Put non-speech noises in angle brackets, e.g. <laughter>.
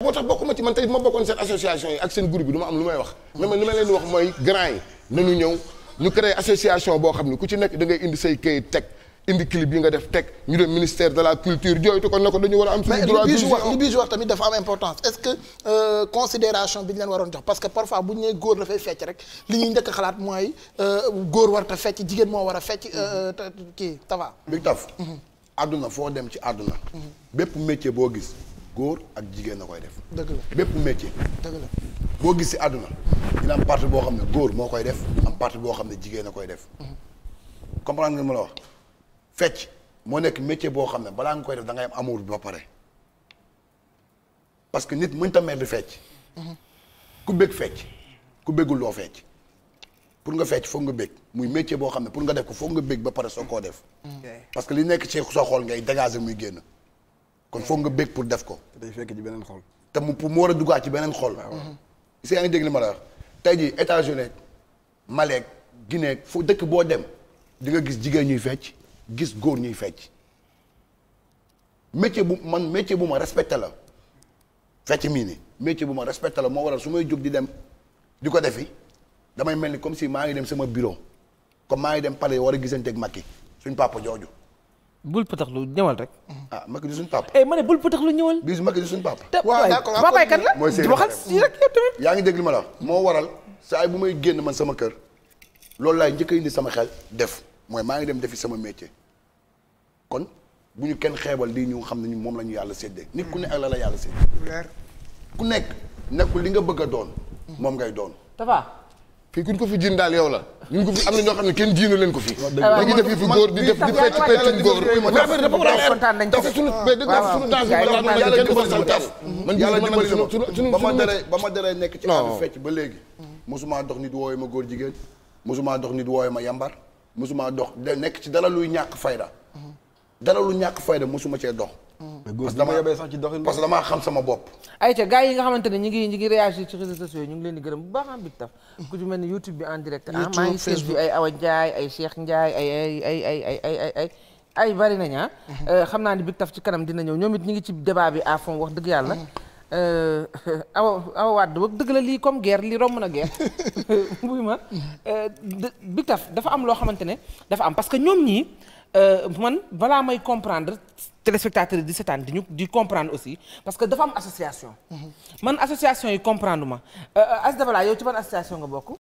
boo tax bokkuma ci man tey ma bokkoon seen association yi ak seen groupe bi du ma am lu may wax mais man li ma leen wax mooy grand yi nañu ñëw ñu créé association boo xam ne ku ci nekk da ngay indi say këyit teg indi clip yi nga def teg ñu dem ministère de la culture jooytu ko ne ko dañu war a am suñu droit bi wax lu tamit dafa am importance est-ce que euh, considération bi ñu leen waroon jox parce que parfois bu ñu nee góor dafay fecc rek li ñuy njëkk a xalaat mooy euh, góor warta fecc jigéen moo war a fecc euh, kii tava big taf mhm. àdduna foo dem ci àdduna bépp métier boo gis góor ak jigéen na koy def. dëgg bépp métier. dëgg la boo gis si àdduna. dina am partie boo xam ne góor moo koy def am partie boo xam ne jigéen na koy def. Mm-hmm. comprendre nga ma la wax fecc moo nekk métier boo xam ne balaa nga koy def da ngay am amour bi ba pare parce que nit mënta mer di fecc. Mm-hmm. ku bëgg fecc ku bëggul loo fecc pour nga fecc foog nga bëgg muy métier boo xam ne pour nga def ko foog nga bëgg ba pare soo koo def. Mm-hmm. parce que li nekk ci sa xol ngay dégager muy génn. kon foog nga bëgg pour def ko. day fekk ci beneen xol. te mu pour mu war a duggaat ci beneen xol. Ah, si yaa ngi dégg li ma la wax tey jii États-Unis Maleek Guinée foo dëkk boo dem di nga gis jigéen ñuy fecc gis góor ñuy fecc métier bu man métier bu ma respecté la fecc mii ni métier bu ma respecté la moo waral su may jóg di dem di ko defi damay mel ni comme si maa ngi dem sama bureau comme maa ngi dem palais war a gisanteeg Macky suñ papa jooju. bul pëtax lu ñëwal rek. ah Macky di suñu papa. eh ma ne bul pëtax lu ñëwal. bis Macky di suñu papa. waaw d'accord papaay kan la. mooy waxal si rek yow yaa ngi dégg li ma la moo waral saa bu may génn man sama kër loolu laay njëkk a indi sama xel def mooy maa ngi dem def defi sama métier kon bu ñu kenn xeebal lii ñu xam ne moom la ñu yàlla séddee. nit ku ne ak la la yàlla séddee. ku nekk nekkul li nga bëgg a doon. moom ngay doon. dafa. fii kuñ ko fi jiin daal yow la ñu ko fi am na ñoo xam ne kenn jiinu leen ko fi ngi def fi góor di def di fecc fecc góor dafa suñu suñu ba ma daree ba ma daree nekk ci àll fecc ba léegi mosuma dox nit wooye ma góor jigéen mosuma dox nit wooye ma yambar mosuma dox de nekk ci dara luy ñàkk fayda dara lu ñàkk fayda mosuma cee dox parce que dama yebee sax ci doxin parce que damaa xam sama bopp ayca gars yi nga xamante ne ñi ngi ñi ngi réagir ci réseaux sociaux yi ñu ngi leen di gërëm bu baax am ah, big taf ku ci mel ni youtube bi en direct ah maa ay Awa Ndiaye ay Cheikh Ndiaye ay ay ay ay ay ay ay ay bari nañ ah mm-hmm. euh, xam naa ni big taf ci kanam dina ñëw ñoom it ñu ngi ci débat bi à fond wax dëgg yàlla Euh, <laughs> awa awa waat dëgg la lii comme guerre lii romb na guerre buy <laughs> ma euh, bi dafa am loo xamante ne dafa am parce que ñoom ñii euh, man balaa may comprendre téléspectateurs di seetaan di ñu di comprendre aussi parce que dafa am association. Mm-hmm. man association yi comprendre ma as dafa laa yow ci ban association nga bokk.